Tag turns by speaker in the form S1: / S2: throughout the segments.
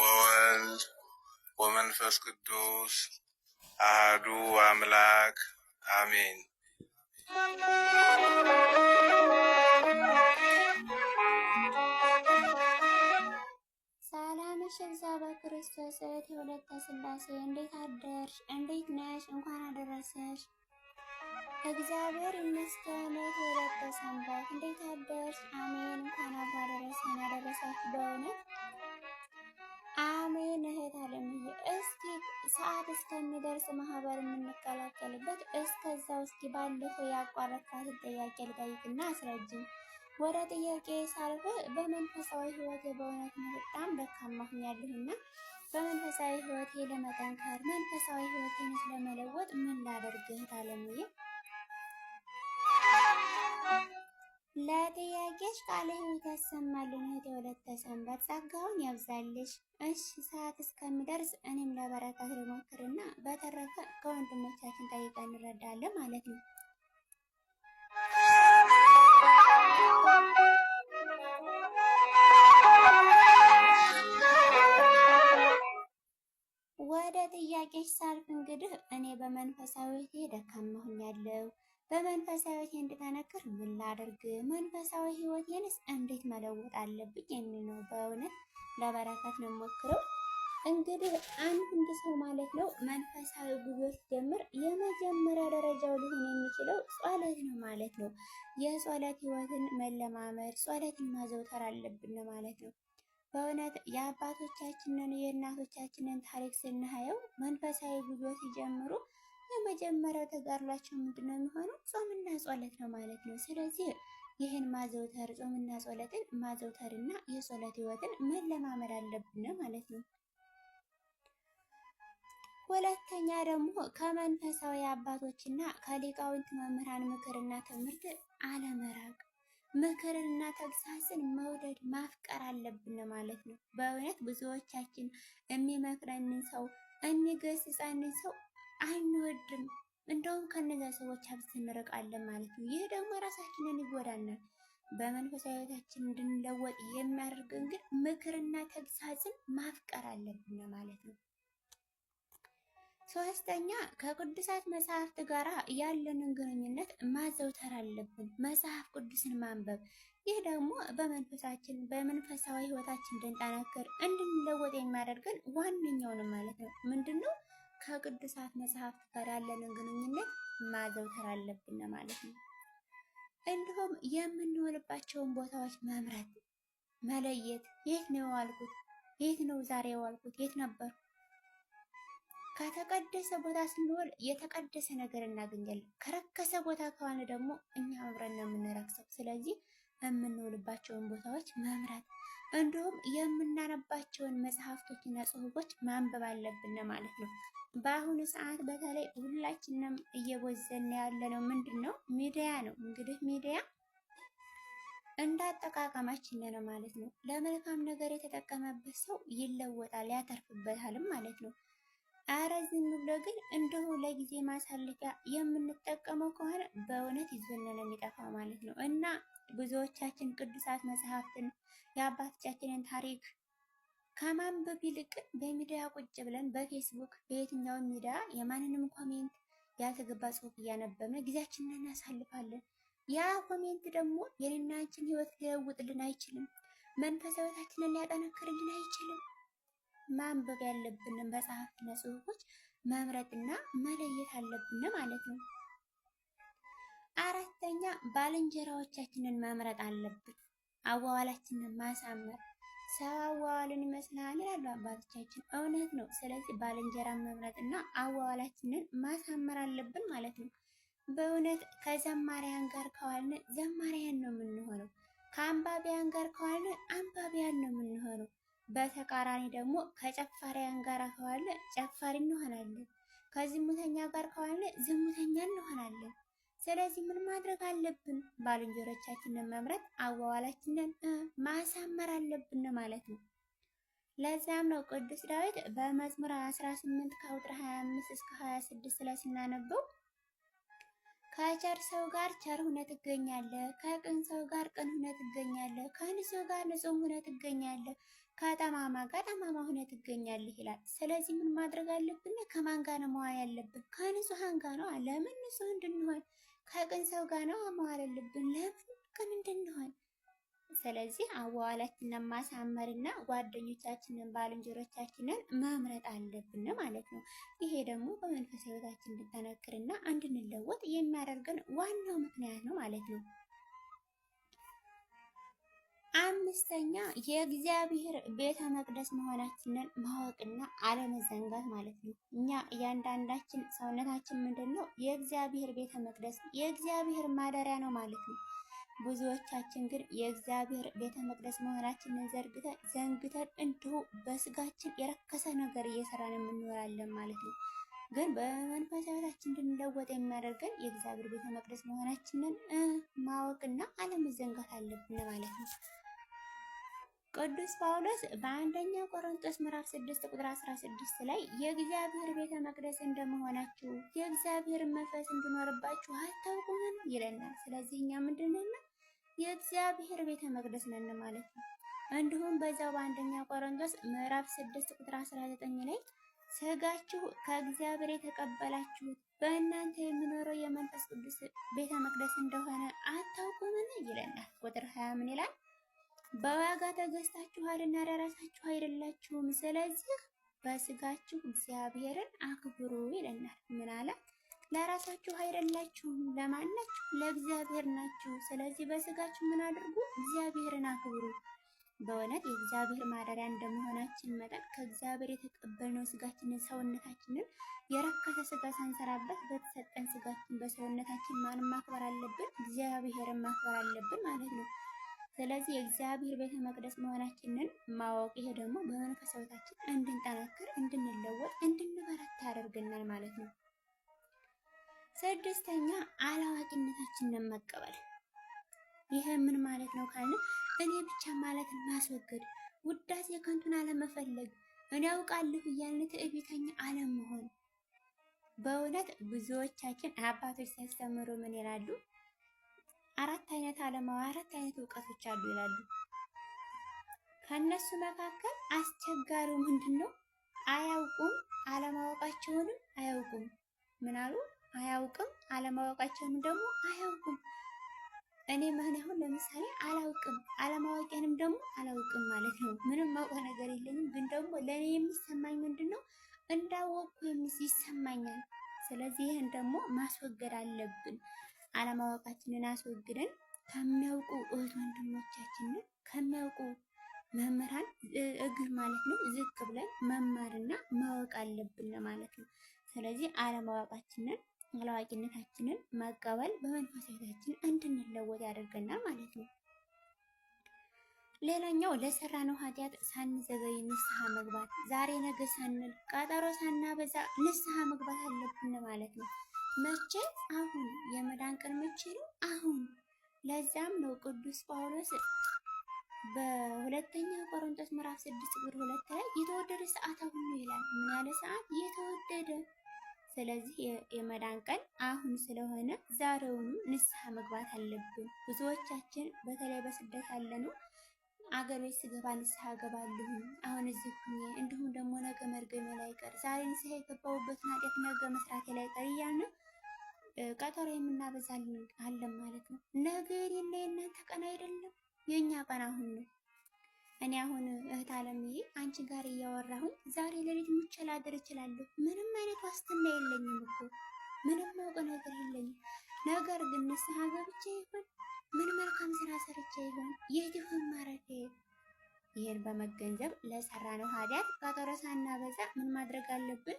S1: ወወልድ ወመንፈስ ቅዱስ አህዱ አምላክ አሜን።
S2: ሰላምሽ እግዚአ በክርስቶስ እህት የወለተ ስላሴ እንዴት አደርሽ? እንዴት ነሽ? እንኳን አደረሰሽ። እግዚአብሔር ይመስገን። የወለተ ሰንበት እንዴት አደርሽ? አሜን። እንኳን አብሮ አደረሰን። በእውነት አሜን። እህት አለምዬ እስኪ ሰዓት እስከሚደርስ ማህበር የምንቀላቀልበት እስከዛው እስኪ ባለፈው ያቋረጥኳት ጥያቄ ልጠይቅና አስረጅም። ወደ ጥያቄ ሳልፍ በመንፈሳዊ ህይወቴ በእውነት በጣም ደካማ ሆኛለሁና በመንፈሳዊ ህይወቴ ለመጠንከር መንፈሳዊ ህይወቴን ለመለወጥ ምን ላደርግ እህት አለምዬ? ለጥያቄሽ ቃለ ሕይወት ያሰማልን። እህቴ ወለተ ሰንበት ጸጋውን ያብዛልሽ። እሺ ሰዓት እስከሚደርስ እኔም ለበረከት ልሞክርና በተረፈ ከወንድሞቻችን ጠይቀን እንረዳለን ማለት ነው። ወደ ጥያቄሽ ሳልፍ እንግዲህ እኔ በመንፈሳዊ ደካማ ሆኛለሁ በመንፈሳዊ ህይወት እንድጠነክር ምን ላድርግ፣ መንፈሳዊ ህይወቴንስ እንዴት መለወጥ አለብኝ የሚል ነው። በእውነት ለበረከት ነው ሞክረው። እንግዲህ አንድ ሰው ማለት ነው መንፈሳዊ ጉዞ ሲጀምር የመጀመሪያ ደረጃው ሊሆን የሚችለው ጸሎት ነው ማለት ነው። የጸሎት ህይወትን መለማመድ፣ ጸሎትን ማዘውተር አለብን ማለት ነው። በእውነት የአባቶቻችንን የእናቶቻችንን ታሪክ ስናየው መንፈሳዊ ጉዞ ሲጀምሩ የመጀመሪያው ተጋድሏቸው ምንድነው የሚሆነው? ጾምና ጸሎት ነው ማለት ነው። ስለዚህ ይህን ማዘውተር ጾምና ጸሎትን ማዘውተርና የጸሎት ህይወትን መለማመድ አለብን ማለት ነው። ሁለተኛ ደግሞ ከመንፈሳዊ አባቶችና ከሊቃውንት መምህራን ምክርና ትምህርት አለመራቅ፣ ምክርንና ተግሳጽን መውደድ ማፍቀር አለብን ማለት ነው። በእውነት ብዙዎቻችን የሚመክረንን ሰው የሚገስጸንን ሰው አንወድም። እንደውም ከነዚያ ሰዎች ሀብት እንርቃለን ማለት ነው። ይህ ደግሞ ራሳችንን ይጎዳናል። በመንፈሳዊ ህይወታችን እንድንለወጥ የሚያደርገን ግን ምክርና ተግሳጽን ማፍቀር አለብን ማለት ነው። ሶስተኛ ከቅዱሳት መጽሐፍት ጋር ያለንን ግንኙነት ማዘውተር አለብን። መጽሐፍ ቅዱስን ማንበብ፣ ይህ ደግሞ በመንፈሳችን በመንፈሳዊ ህይወታችን እንድንጠናከር እንድንለወጥ የሚያደርገን ዋነኛውን ማለት ነው ምንድን ነው ከቅዱሳት መጽሐፍት ጋር ያለንን ግንኙነት ማዘውተር አለብን ማለት ነው። እንዲሁም የምንውልባቸውን ቦታዎች መምረጥ፣ መለየት፣ የት ነው የዋልኩት፣ የት ነው ዛሬ የዋልኩት፣ የት ነበር። ከተቀደሰ ቦታ ስንውል የተቀደሰ ነገር እናገኛለን። ከረከሰ ቦታ ከሆነ ደግሞ እኛ አብረን ነው የምንረክሰው። ስለዚህ የምንውልባቸውን ቦታዎች መምረጥ እንዲሁም የምናነባቸውን መጽሐፍቶችና ጽሁፎች ማንበብ አለብን ማለት ነው። በአሁኑ ሰዓት በተለይ ሁላችንም እየቦዘን ያለነው ምንድን ነው? ሚዲያ ነው። እንግዲህ ሚዲያ እንዳጠቃቀማችን ነው ማለት ነው። ለመልካም ነገር የተጠቀመበት ሰው ይለወጣል፣ ያተርፍበታልም ማለት ነው። አረ ዝም ብሎ ግን እንደሁ ለጊዜ ማሳለፊያ የምንጠቀመው ከሆነ በእውነት ይዞን ነው የሚጠፋ ማለት ነው እና ብዙዎቻችን ቅዱሳት መጽሐፍትን የአባቶቻችንን ታሪክ ከማንበብ ይልቅ በሚዲያ ቁጭ ብለን በፌስቡክ በየትኛውም ሚዲያ የማንንም ኮሜንት ያልተገባ ጽሁፍ እያነበብን ጊዜያችንን እናሳልፋለን። ያ ኮሜንት ደግሞ የኔና ህይወት ሊለውጥልን አይችልም። መንፈሳዊታችንን ሊያጠነክርልን አይችልም። ማንበብ ያለብንን መጽሐፍና ጽሁፎች መምረጥና መለየት አለብን ማለት ነው። ሁለተኛ ባልንጀራዎቻችንን መምረጥ አለብን። አዋዋላችንን ማሳመር ሰው አዋዋልን ይመስልሃል ይላሉ አባቶቻችን። እውነት ነው። ስለዚህ ባልንጀራን መምረጥና አዋዋላችንን ማሳመር አለብን ማለት ነው። በእውነት ከዘማሪያን ጋር ከዋልን ዘማሪያን ነው የምንሆነው። ከአንባቢያን ጋር ከዋልን አንባቢያን ነው የምንሆነው። በተቃራኒ ደግሞ ከጨፋሪያን ጋር ከዋልን ጨፋሪ እንሆናለን። ከዝሙተኛ ጋር ከዋልን ዝሙተኛ እንሆናለን። ስለዚህ ምን ማድረግ አለብን? ባልንጀሮቻችንን መምረጥ፣ አዋዋላችንን ማሳመር አለብን ማለት ነው። ለዛም ነው ቅዱስ ዳዊት በመዝሙር 18 ከቁጥር 25 እስከ 26 ላይ ስናነበው ከቸር ሰው ጋር ቸር ሁነ ትገኛለህ፣ ከቅን ሰው ጋር ቅን ሁነ ትገኛለህ፣ ከንጹህ ሰው ጋር ንጹህ ሁነ ትገኛለህ፣ ከጠማማ ጋር ጠማማ ሁነ ትገኛለህ ይላል። ስለዚህ ምን ማድረግ አለብን? ከማን ጋር ነው መዋል ያለብን? ከንጹሃን ጋር ነው። ለምን ንጹህ እንድንሆን ከቅን ሰው ጋር ነው መዋል አለብን። ለምን ቅን እንድንሆን። ስለዚህ አዋዋላችንን ማሳመርና ጓደኞቻችንን ባልንጀሮቻችንን መምረጥ አለብን ማለት ነው። ይሄ ደግሞ በመንፈሳዊ ሕይወታችን እንድንጠነክርና እንድንለወጥ የሚያደርገን ዋናው ምክንያት ነው ማለት ነው። አምስተኛ የእግዚአብሔር ቤተ መቅደስ መሆናችንን ማወቅና አለመዘንጋት ማለት ነው። እኛ እያንዳንዳችን ሰውነታችን ምንድን ነው? የእግዚአብሔር ቤተ መቅደስ የእግዚአብሔር ማደሪያ ነው ማለት ነው። ብዙዎቻችን ግን የእግዚአብሔር ቤተ መቅደስ መሆናችንን ዘርግተን ዘንግተን እንዲሁ በስጋችን የረከሰ ነገር እየሰራን የምንኖራለን ማለት ነው። ግን በመንፈሳታችን እንድንለወጥ የሚያደርገን የእግዚአብሔር ቤተ መቅደስ መሆናችንን ማወቅና አለመዘንጋት አለብን ማለት ነው። ቅዱስ ጳውሎስ በአንደኛ ቆሮንቶስ ምዕራፍ 6 ቁጥር 16 ላይ የእግዚአብሔር ቤተ መቅደስ እንደመሆናችሁ የእግዚአብሔር መንፈስ እንዲኖርባችሁ አታውቁምን ይለናል። ስለዚህ እኛ ምንድነና የእግዚአብሔር ቤተ መቅደስ ነን ማለት ነው። እንዲሁም በዛው በአንደኛ ቆሮንቶስ ምዕራፍ 6 ቁጥር 19 ላይ ስጋችሁ ከእግዚአብሔር የተቀበላችሁት በእናንተ የሚኖረው የመንፈስ ቅዱስ ቤተ መቅደስ እንደሆነ አታውቁምን ይለናል። ቁጥር 20 ምን ይላል? በዋጋ እና ለራሳችሁ አይደላችሁም። ስለዚህ በስጋችሁ እግዚአብሔርን አክብሩ ይለናል። ምን አለ? ለራሳችሁ አይደላችሁም። ለማናችሁ? ለእግዚአብሔር ናችሁ። ስለዚህ በስጋችሁ ምን አድርጉ? እግዚአብሔርን አክብሩ። በእውነት የእግዚአብሔር ማደሪያ እንደመሆናችን መጠን ከእግዚአብሔር የተቀበልነው ስጋችንን ሰውነታችንን የረከሰ ስጋ ሳንሰራበት በተሰጠን ስጋችን በሰውነታችን ማንም ማክበር አለብን፣ እግዚአብሔርን ማክበር አለብን ማለት ነው። ስለዚህ የእግዚአብሔር ቤተ መቅደስ መሆናችንን ማወቅ ይሄ ደግሞ በመንፈሳዊታችን እንድንጠናክር፣ እንድንለወጥ፣ እንድንበረታ ያደርገናል ማለት ነው። ስድስተኛ አላዋቂነታችንን መቀበል። ይሄ ምን ማለት ነው ካልን እኔ ብቻ ማለትን ማስወገድ፣ ውዳሴ ከንቱን አለመፈለግ፣ እኔ አውቃለሁ እያልን ትዕቢተኛ አለመሆን። በእውነት ብዙዎቻችን አባቶች ሲያስተምሩ ምን ይላሉ? አራት አይነት ዓለማዊ አራት አይነት እውቀቶች አሉ ይላሉ። ከነሱ መካከል አስቸጋሪው ምንድን ነው? አያውቁም አለማወቃቸውንም አያውቁም። ምናሉ አያውቅም አለማወቃቸውንም ደግሞ አያውቁም። እኔ ምህን አሁን ለምሳሌ አላውቅም አለማወቄንም ደግሞ አላውቅም ማለት ነው። ምንም ማውቀ ነገር የለኝም። ግን ደግሞ ለእኔ የሚሰማኝ ምንድን ነው? እንዳወቅኩ የሚስ ይሰማኛል። ስለዚህ ይህን ደግሞ ማስወገድ አለብን። አለማወቃችንን አስወግደን ከሚያውቁ እህት ወንድሞቻችን ከሚያውቁ መምህራን እግር ማለት ነው ዝቅ ብለን መማርና ማወቅ አለብን ማለት ነው። ስለዚህ አለማወቃችንን አላዋቂነታችንን መቀበል በመንፈሳዊታችን እንድንለወጥ ያደርገናል ማለት ነው። ሌላኛው ለሰራነው ኃጢአት ሳንዘገይ ንስሐ መግባት ዛሬ ነገ ሳንል ቀጠሮ ሳናበዛ ንስሐ መግባት አለብን ማለት ነው። መቼ? አሁን። የመዳን ቀን መቼ ነው? አሁን። ለዛም ነው ቅዱስ ጳውሎስ በሁለተኛ ቆሮንቶስ ምዕራፍ ስድስት ቁጥር ሁለት ላይ የተወደደ ሰዓት አሁን ነው ይላል። ምን ያለ ሰዓት? የተወደደ። ስለዚህ የመዳን ቀን አሁን ስለሆነ ዛሬውኑ ንስሐ መግባት አለብን። ብዙዎቻችን በተለይ በስደት ያለነው አገር ቤት ስገባ ንስሐ እገባለሁ አሁን እዚህ ሁኜ እንዲሁም ደግሞ መርገሜ ላይ ቀር፣ ዛሬ ንስሐ የገባሁበትን ኃጢአት ነገ መስራቴ ላይ ቀር እያልን ቀጠሮ የምናበዛልን አለን ማለት ነው። ነገ የሌለ የእናንተ ቀን አይደለም፣ የእኛ ቀን አሁን ነው። እኔ አሁን እህት አለምዬ አንቺ ጋር እያወራሁኝ ዛሬ ለሌት ሙቸላ አድር እችላለሁ። ምንም አይነት ዋስትና የለኝም እኮ ምንም ማውቀ ነገር የለኝም። ነገር ግን ንስሐ ገብቼ ይሆን ምን መልካም ስራ ሰርቼ ይሆን የድሆን ማረፊያ ይህን በመገንዘብ ለሰራነው ኃጢአት ቀጠሮ ሳናበዛ ምን ማድረግ አለብን?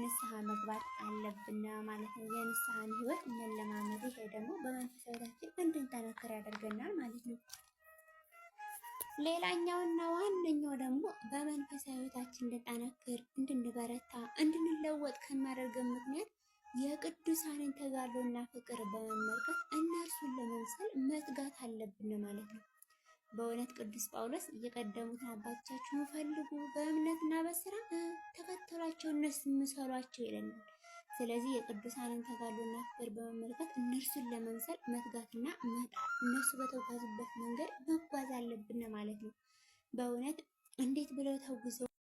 S2: ንስሐ መግባት አለብን ማለት ነው። የንስሐን ህይወት መለማመድ ይሄ ደግሞ በመንፈሳዊ እንድንጠነክር ያደርገናል ማለት ነው። ሌላኛውና ዋነኛው ደግሞ በመንፈሳዊታችን ህይወታችን እንድንጠነክር፣ እንድንበረታ፣ እንድንለወጥ ከሚያደርገን ምክንያት የቅዱሳንን ተጋድሎና ፍቅር በመመልከት እነርሱን ለመምሰል መትጋት አለብን ማለት ነው። በእውነት ቅዱስ ጳውሎስ እየቀደሙትን አባቶቻችሁን ፈልጉ፣ በእምነትና በስራ ተከተሏቸው፣ እነሱ ምሰሏቸው ይለናል። ስለዚህ የቅዱሳንን ተጋድሎና ፍቅር በመመልከት እነርሱን ለመምሰል መትጋትና መጣር፣ እነሱ በተጓዙበት መንገድ መጓዝ አለብን ማለት ነው። በእውነት እንዴት ብለው ተጉዘው